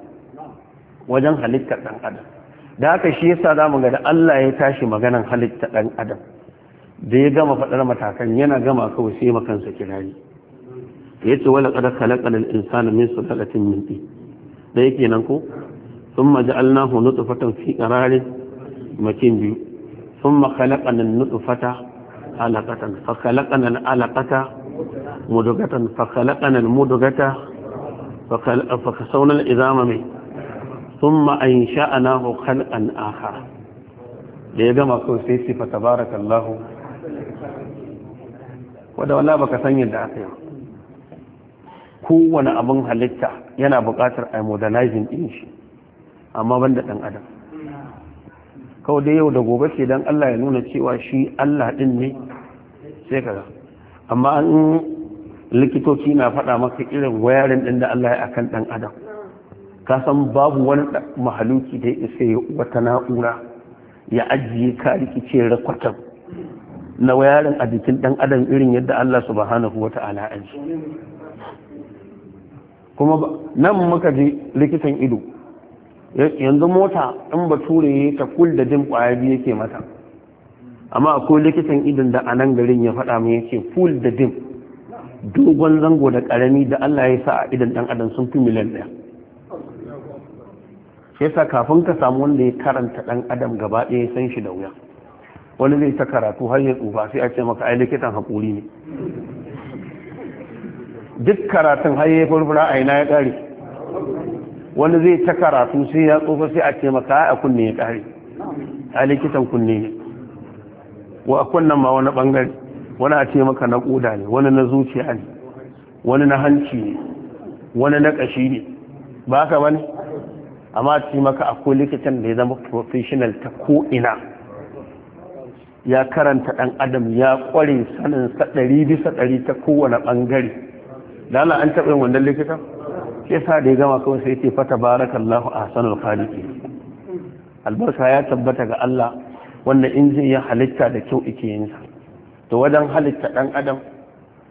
Speaker 1: wajen halittar ɗan adam da haka shi yasa za mu ga da Allah ya tashi maganan halittar ɗan adam da ya gama faɗar matakan yana gama kawai sai makansa kirari ya ce wala kada kalakal insana min sulalatin min tin da yake nan ko thumma ja'alnahu nutfatan fi qararin makin biyu thumma khalaqana an-nutfata alaqatan fa khalaqana al-alaqata mudugata. fa khalaqana al-mudghata fa kasawna al-izama min thumma ansha'nahu khalqan aka. da ya gama kawai sai sifa tabarakallahu wadda wala baka san yadda aka yi kowane abin halitta yana buƙatar a modernizing din shi amma banda ɗan adam kawai dai yau da gobe ce don Allah ya nuna cewa shi Allah ɗin ne sai ka amma an likitoci na faɗa maka irin wayarin ɗin da Allah ya akan ɗan adam ka san babu wani mahaluki da ya isa wata na'ura ya ajiye ka rikice rakwatar na wayarin a jikin ɗan adam irin yadda Allah subhanahu wa ta'ala an shi kuma nan muka ji likitan ido yanzu mota in ba ture ta kul da jin kwaya biyu yake mata amma akwai likitan idon da a nan garin ya faɗa mai yake ful da dim dogon zango da ƙarami da Allah ya sa a idon ɗan adam sun fi miliyan ɗaya shi yasa kafin ka samu wanda ya karanta ɗan adam gaba ɗaya ya san shi da wuya wani zai ta karatu har ya tsufa sai a ce maka ai likitan haƙuri ne duk karatun har ya furfura a ina ya ƙare wani zai ta karatu sai ya tsufa sai a ce maka a kunne ya ƙare a likitan kunne ne wa a kunnen ma wani ɓangare wani a ce maka na ƙoda ne wani na zuciya ne wani na hanci ne wani na ƙashi ne ba ka ba ne amma ce maka akwai likitan da ya zama professional ta ko'ina ya karanta ɗan adam ya ƙware sanin ɗari bisa ɗari ta kowane ɓangare lala an taɓa yin wannan likita ya sa da ya gama kawai sai ce fata barakallahu a sanar khaliki albarka ya tabbata ga Allah wannan injin ya halitta da kyau ike yin sa to wajen halitta ɗan adam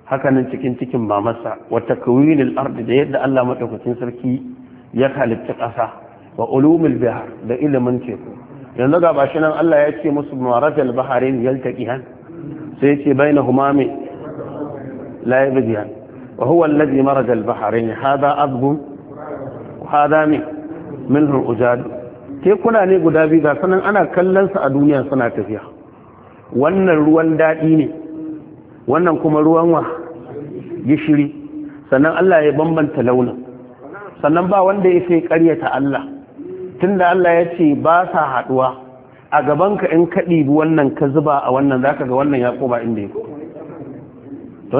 Speaker 1: hakanan cikin cikin mamarsa wata kawinil ardi da yadda Allah maɗaukacin sarki ya halitta ƙasa wa ulumul bihar da ilimin teku yanzu ga bashi nan Allah ya ce musu marajal baharin yaltaqihan sai ya ce bainahuma mai la yabghiyan wa huwa alladhi marajal baharin hada azbun hada min minhu tekuna ne guda biyu ga sanan ana kallon sa a duniya suna tafiya wannan ruwan daɗi ne wannan kuma ruwan wa gishiri sannan Allah ya bambanta launin sannan ba wanda ya sai karyata Allah tunda Allah ya ce ba sa haɗuwa, a gabanka in kaɗi wannan ka zuba a wannan za ka ga wannan ya koma inda ya koma to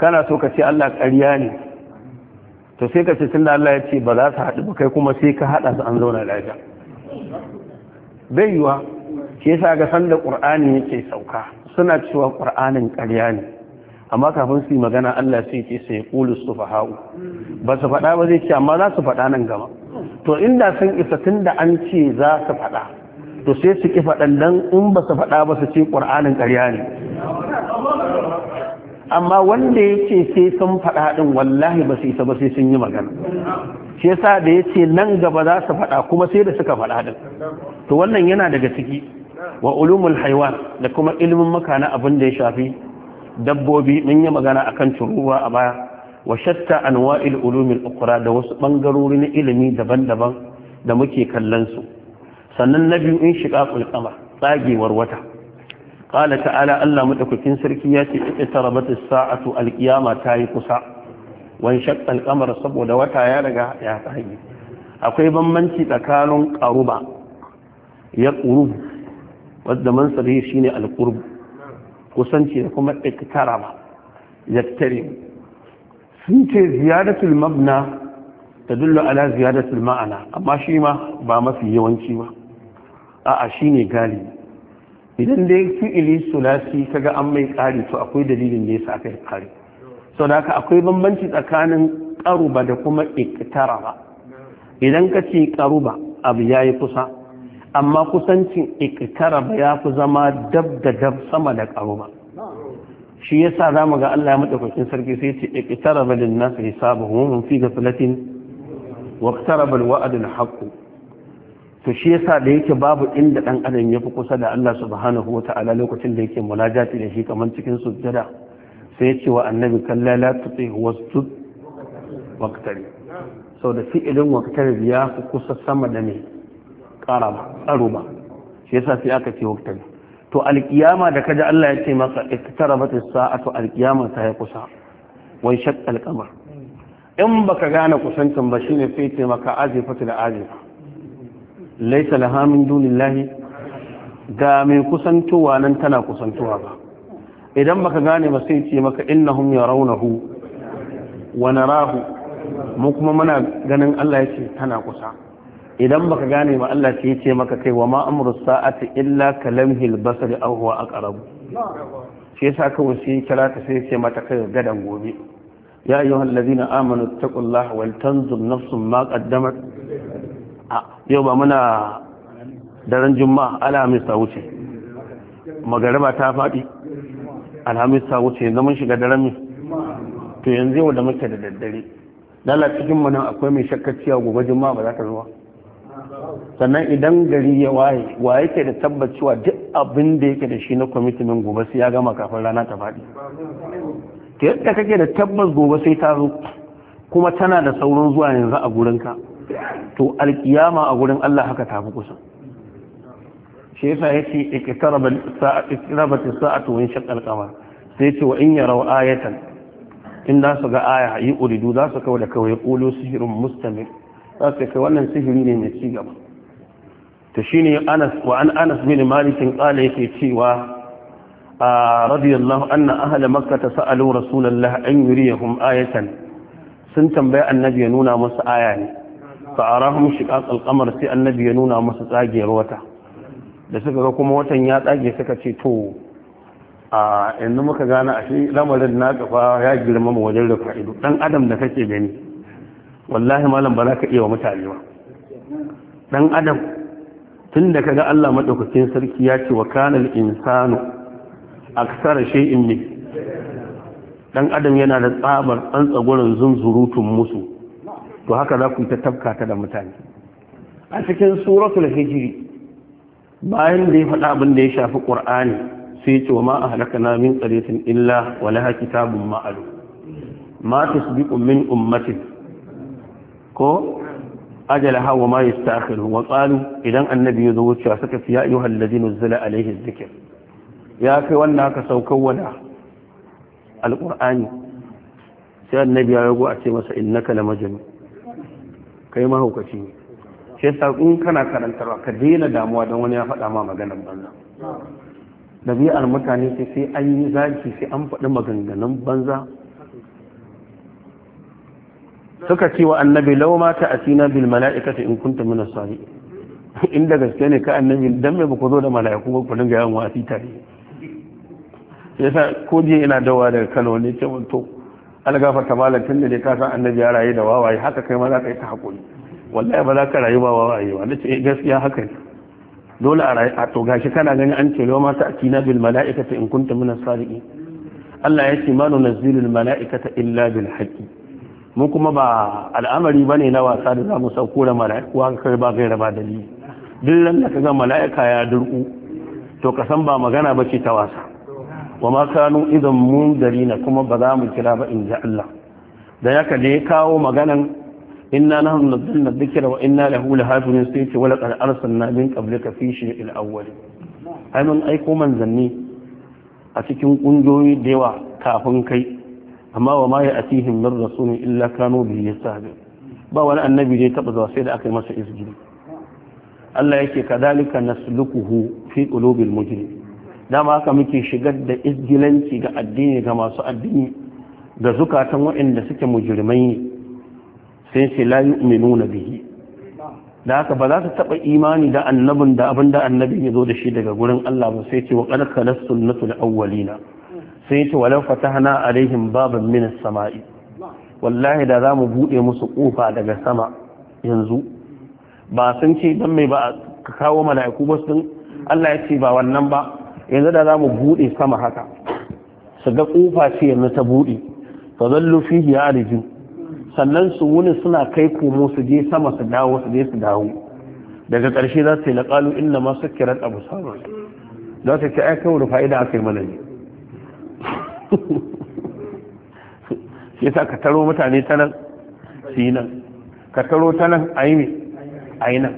Speaker 1: kana so ka ce Allah ƙarya ne to sai ka ce tunda Allah ya ce ba za su haɗu ba kai kuma sai ka haɗa su an zauna lafiya bai yiwa shi yasa ga sanda qur'ani yake sauka suna cewa qur'anin ƙarya ne amma kafin su yi magana Allah sai ce sai qulu sufaha'u ba su faɗa ba zai ce amma za su faɗa nan gaba to inda sun isa tun da an ce za su faɗa to sai su ƙi faɗan don in ba su faɗa ba su ce ƙur'anin ƙarya ne amma wanda ya ce sai sun faɗa ɗin wallahi ba su isa ba sai sun yi magana shi yasa da ya ce nan gaba za su faɗa kuma sai da suka faɗa ɗin to wannan yana daga ciki wa ulumul haiwan da kuma ilimin maka na abin da ya shafi dabbobi mun yi magana akan turuwa a baya wa shatta anwa'il ulumil ukhra da wasu bangarori na ilimi daban-daban da muke kallon su sannan na biyu in shiga qamar tsagewar wata qala ta'ala Allah madaukakin sarki ya ce iqtarabat as-sa'atu al-qiyama tayi kusa wa shaqqa al-qamar saboda wata ya riga ya tsage akwai bambanci tsakanin qaruba ya qurub wanda mansari shine al-qurb kusanci da kuma iqtaraba yaktari sun ce ziyaratul mabna ta dullo ala ziyaratul ma'ana amma shi ma ba mafi yawanci ba a'a shi ne gali idan dai fi'ili sulasi kaga an mai kari to akwai dalilin da yasa aka yi kari sau da haka akwai bambanci tsakanin ƙaruba da kuma iktaraba idan ka ce karuba abu ya yi kusa amma kusancin iktaraba ya fi zama dab da dab sama da ƙaruba. shi ya sa za mu ga Allah ya madaukakin sarki sai ce iqtaraba lin nas hisabuhum fi filatin wa ƙitara bal al haƙƙo, to shi ya sa da yake babu inda ɗan adam ya fi kusa da Allah subhanahu Ta'ala lokacin da yake munajati da shi kamar cikin sujjada sai ya ce wa annabi kalla la tuti wasjud waqtari sau da fi'ilin waqtari ya fi kusa sama da mai ƙara ba tsaro ba shi ya sa sai aka ce waqtari to alkiyama da kaji Allah ya ce masa iktarabatis sa'atu alkiyama ta ya kusa wai shak alqamar in baka gane kusancin ba shine sai ce maka azifatu da azifa laysa laha min dunillahi ga mai kusantowa nan tana kusantowa ba idan baka gane ba sai ce maka innahum yarawnahu wa narahu mu kuma muna ganin Allah ya ce tana kusa idan baka gane ba Allah sai ce maka kai wa ma amru sa'ati illa kalamhil basari aw huwa aqrab shi yasa kawai sai kira ta sai ce mata kai gadan gobe ya ayyuhal ladina amanu taqullaha wal tanzur nafsum ma qaddamat yau ba muna daren juma'a alhamis ta wuce magariba ta faɗi alhamis ta wuce yanzu mun shiga daren mu to yanzu yau da muke da daddare lalla cikin mu akwai mai shakkar cewa gobe juma'a ba za ta zuwa sannan idan gari ya waye wa yake da tabbacewa duk abin da yake da shi na kwamitin gobe sai ya gama kafin rana ta faɗi ta yadda kake da tabbas gobe sai ta zo kuma tana da sauran zuwa yanzu a gurinka to alkiyama a gurin Allah haka ta fi kusa shi yasa ya iqtarabat sa'atu wa inshaqqa al sai ce wa in rawa ayatan in za su ga aya yi uridu za su kawai da kawai kulu sihirin mustamir za su kai wannan sihiri ne mai ci gaba to shine Anas wa an Anas bin Malik qala yake cewa radiyallahu anna ahli makkah sa'alu rasulullah an yuriyahum ayatan sun tambaya annabi ya nuna musu aya ne fa arahum shiqaq al sai annabi ya nuna musu tsagiyar wata da suka ga kuma watan ya tsage suka ce to a yanzu muka gana a shi lamarin na kafa ya girma mu wajen rufa ido dan adam da kake gani wallahi malam ba za ka iya wa mutane ba dan adam tun da kaga Allah madaukakin sarki ya ce wa kanal insanu aksara shay'in ne dan adam yana da tsabar tsantsa gurin zunzurutun musu to haka za ku ta tafka ta da mutane a cikin suratul hijri bayan da ya faɗa abin da ya shafi ƙur'ani, sai ya ce wa ma ahlakana min qaryatin illa wa laha kitabun ma'lum ma tasbiqu min ummatin ko ajala hawa ma ya stakhiru wa tsalu idan annabi ya zo wuce suka fi ya yi halladi nuzula alaihi zikir ya kai wannan aka saukar wada alƙur'ani sai annabi ya rago a ce masa innaka la majnun kai mahaukaci ne sai sa in kana karantarwa ka daina damuwa don wani ya faɗa ma maganar banza dabi'ar mutane sai sai an yi zaki sai an faɗi maganganun banza suka ce wa annabi law ma ta'tina bil mala'ikati in kunta min as-salihin *laughs* in da gaske ne ka annabi dan me ku zo da mala'iku ku dinga yawan wasi tare yasa ko je ina dawa daga Kano ne ce to algafa ta malam tun da ka san annabi ya rayu da wawaye haka kai ma za ka yi ta hakuri wallahi ba za ka rayu ba wawaye ba nace eh, gaskiya haka ne dole a rayu a to gashi kana ganin an ce law ma ta'tina bil mala'ikati in kunta min as-salihin Allah ya ce ma nunazzilu al mala'ikata illa bil haqqi mu kuma ba al'amari bane na wasa da zamu sauko da mala'iku kai ba gaira ba dalili duk ran da kaga mala'ika ya durku to ka san ba magana bace ta wasa wa ma kanu idan mun darina kuma ba za mu kira ba in ji Allah da yaka da ya kawo maganan inna nahnu nazzalna dhikra wa inna lahu lahafizun sai ce wala qad arsalna min qablika fi shay'il awwal ai mun aiko manzanni a cikin kungiyoyi da yawa kafin kai amma wa ma ya atihim min rasulin illa kanu bihi yastahzi ba wani annabi da ya taba zuwa sai da aka yi masa izgiri Allah yake kadalika sulukuhu fi qulubil mujrim dama haka muke shigar da izgilanci ga addini ga masu addini ga zukatan waɗanda suke mujrimai ne sai sai la yu'minuna bihi da haka ba za su taɓa imani da annabin da abin da annabi ya zo da shi daga gurin Allah ba sai ce wa ƙarƙarar sunnatu da awwalina sai yace walau fatahna alaihim baban min samai wallahi da zamu bude musu kofa daga sama yanzu ba sun ce dan mai ba ka kawo mala'iku ba sun Allah ya ce ba wannan ba yanzu da zamu bude sama haka su ga kofa ce yanzu ta bude fa zallu fihi yariju sannan su wuni suna kai komo su je sama su dawo su je su dawo daga ƙarshe za su yi laƙalu inna ma sukirar abu samun za su ce ai kawai fa'ida aka yi mana ne shi sa ka taro mutane ta nan su yi nan ka taro ta nan a yi a yi nan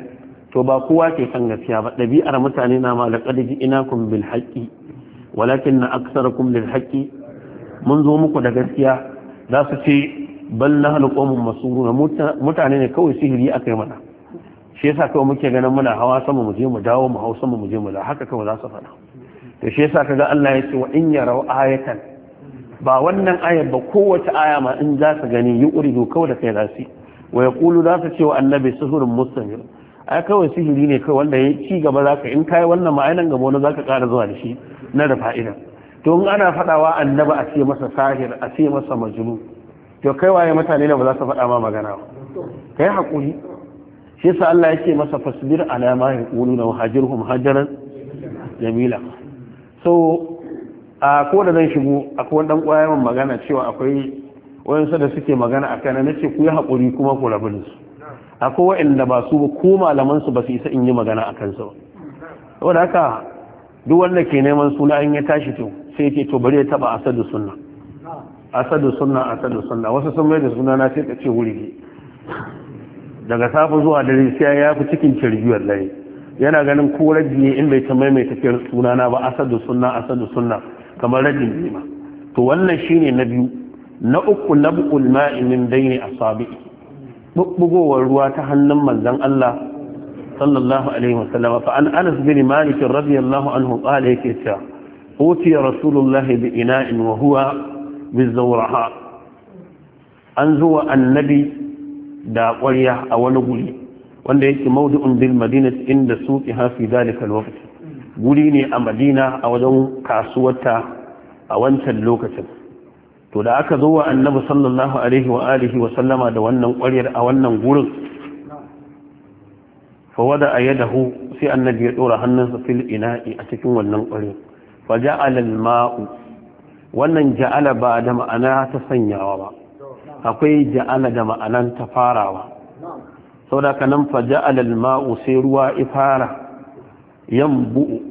Speaker 1: to ba kowa ke kan gaskiya ba ɗabi'ar mutane na ma da ƙarfi ina kun bil haƙƙi walakin na aksar kun bil haƙƙi mun zo muku da gaskiya za su ce bal na halƙomin masu runa mutane ne kawai sihiri aka yi mana shi yasa kawai muke ganin muna hawa sama mu je mu dawo mu hau sama mu je mu da haka kawai za su faɗa to shi yasa kaga Allah ya ce wa in yarau ayatan ba wannan ayar ba kowace aya ma in za su gani yi uri uridu kawai da kai su wa ya kulu za su ce wa annabi sihirin mustamir ai kawai sihiri ne kawai wanda ya ci gaba za ka in kai wannan ma'ainan gaba wani za ka ƙara zuwa da shi na da fa'ida to in ana faɗawa annaba a ce masa sahir a ce masa majnun to kai waye mutane ne ba za su faɗa ma magana ba kai hakuri. shi yasa Allah yake masa fasbir ala ma yaquluna wa hajirhum hajaran jamila so a ko da zan shigo akwai wani dan kwayawan magana cewa akwai wayansu da suke magana a kana nace ku yi haƙuri kuma ku rabu da su akwai wa'anda ba su ko malaman su ba su isa in yi magana a kansu ba saboda haka duk wanda ke neman suna in ya tashi to sai yake to bari ya taba asadu sunna asadu sunna asadu sunna wasu sun mai da suna na sai ka ce wuri daga safe zuwa dare sai ya fi cikin cirgiyar dare yana ganin ko rajiye in bai ta maimaita suna na ba asadu sunna asadu sunna kamar rabin lima to wannan shine na biyu na uku nabul ma'i min bayni asabi'i bubbugowar ruwa ta hannun manzon Allah sallallahu alaihi wasallam fa an Anas bin Malik radiyallahu anhu qala yake ta utiya rasulullah bi ina'in wa huwa bizawraha an zuwa annabi da ƙwarya a wani guri wanda yake maudu'un bil madinati inda suqiha fi dalika al-waqt guri ne a madina a wajen kasuwarta a wancan lokacin to da aka zo wa annabi sallallahu alaihi wa alihi wa sallama da wannan ƙwariyar a wannan gurin fa wada ayadahu sai annabi ya dora hannunsa fil ina'i a cikin wannan ƙwariyar fa ja'ala al-ma'u wannan ja'ala ba da ma'ana ta sanyawa ba akwai ja'ala da ma'anan ta farawa saboda kanan fa ja'ala al-ma'u sai ruwa ifara yambu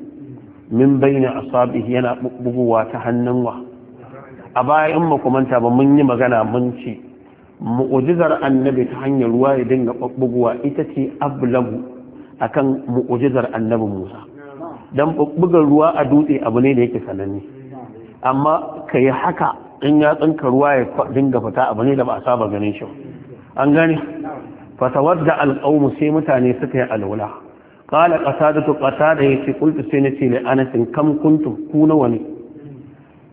Speaker 1: min bayna asabi yana buguwa ta hannun wa a bayan in ba mun yi magana mun ci mu'ujizar annabi ta hanyar ruwa ya dinga buguwa ita ce ablagu akan mu'ujizar annabi Musa dan bugar ruwa a dutse abu ne da yake sananne amma ka yi haka in ya tsinka ruwa ya dinga fita abu ne da ba a saba ganin shi an gane fasawar da alƙawmu sai mutane suka yi alwala ƙasa قال قتادة قتادة يتي قلت سنتي لأنس كم كنت كون وني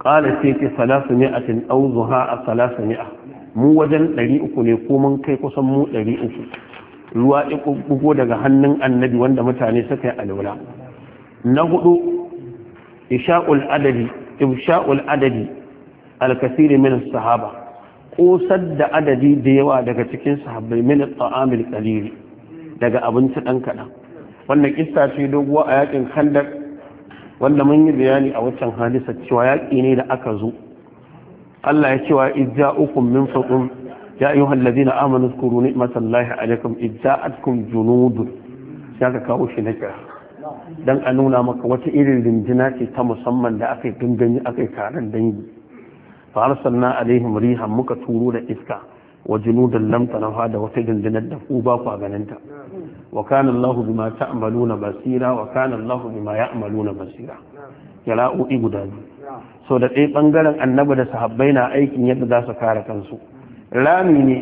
Speaker 1: قال سيتي ثلاثمائة a ظهاء ثلاثمائة mu wajen ɗari uku ne ko mun kai kusan mu ɗari uku ruwa ya bugo daga hannun annabi wanda mutane suka yi alwala na hudu isha'ul adadi ifsha'ul adadi min sahaba kosar da adadi da yawa daga cikin sahabbai min ta'amil qalili daga abinci dan kaɗan Wannan kista ce doguwa a yakin handar. wanda mun yi bayani a waccan hadisa cewa yaki ne da aka zo Allah ya cewa idza'ukum min faqum ya ayyuha alladhina amanu zkuru ni'matallahi alaykum idza'atkum junudun sai ka kawo shi na kira dan a nuna maka wata irin rinjina ce ta musamman da aka yi gangami aka yi taron dangi fa arsalna alaihim riha muka turo da iska wa junudan lam da wata gindinar da ku ba ku ganinta wa kana Allahu bima na basira wa kana Allahu bima na basira kira'o'i guda biyu so da ɗaya ɓangaren annabi da sahabbai na aikin yadda za su kare kansu rami ne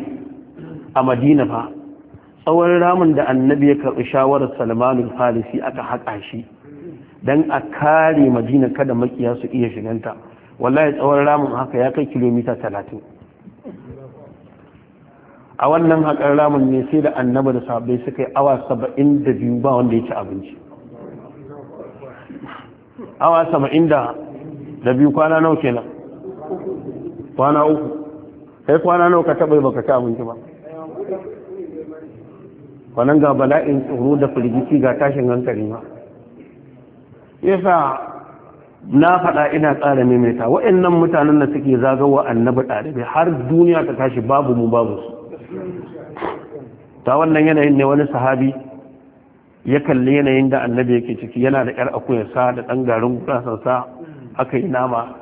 Speaker 1: a madina fa tsawon ramin da annabi ya karɓi shawarar salmanin falisi aka haƙa shi Dan a kare madina kada makiya su iya shiganta wallahi tsawon ramin haka ya kai kilomita talatin a wannan haƙar ramin ne sai da annaba da sabai suka yi awa saba'in da biyu ba wanda ya ci abinci awa saba'in da biyu kwana nau kenan kwana uku sai kwana nau ka taɓa baka ci abinci ba kwanan ga bala'in tsoro da firgici ga tashin hankali ma yasa na faɗa ina tsara maimaita waɗannan mutanen da suke zagawa annabi ɗalibai har duniya ta tashi babu mu babu su ta wannan yanayin ne wani sahabi ya kalli yanayin da annabi yake ciki yana da yar akuyarsa da ɗan garin gurasansa aka yi nama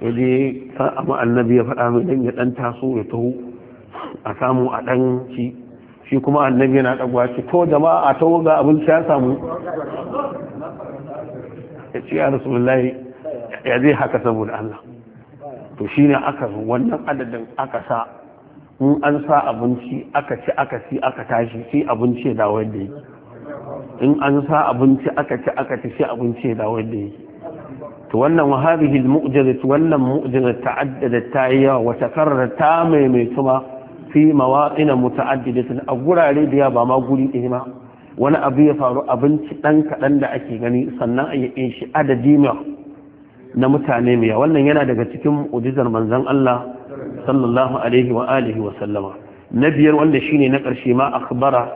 Speaker 1: ya je amma annabi ya faɗa mai ya ɗan taso ya taho a samu a ɗan ci shi kuma annabi yana ɗagwa ce to jama'a a taho ga abinci ya samu ya ci ya rasulullahi ya zai haka saboda Allah to shine aka wannan adadin aka sa in an sa abinci aka ci aka ci aka tashi sai abinci ya dawo yadda yake in an sa abinci aka ci aka ci sai abinci ya dawo yadda yake to wannan wa hadhihi al-mu'jizat wannan mu'jizat ta'addada ta yawa wa takarrar ta maimaitu ma fi mawaqin muta'addidatin a gurare da ba ma guri ɗaya ma wani abu ya faru abinci ɗan kaɗan da ake gani sannan a yi shi adadi na mutane mai wannan yana daga cikin mu'jizar manzon Allah sallallahu alaihi wa alihi wa sallama na biyar wanda shine na ƙarshe ma akhbara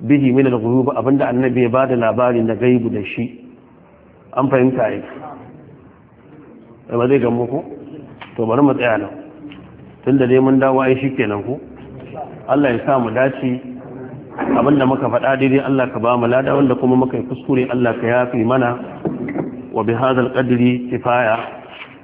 Speaker 1: bihi min al-ghuyub abinda annabi ya bada labari na gaibu da shi an fahimta ai ba zai gamu to bari mu tsaya nan tunda dai mun dawo ai shikenan ku Allah ya sa mu dace abinda muka faɗa daidai Allah ka ba mu lada wanda kuma muka yi kuskure Allah ka yafi mana wa bi qadri kifaya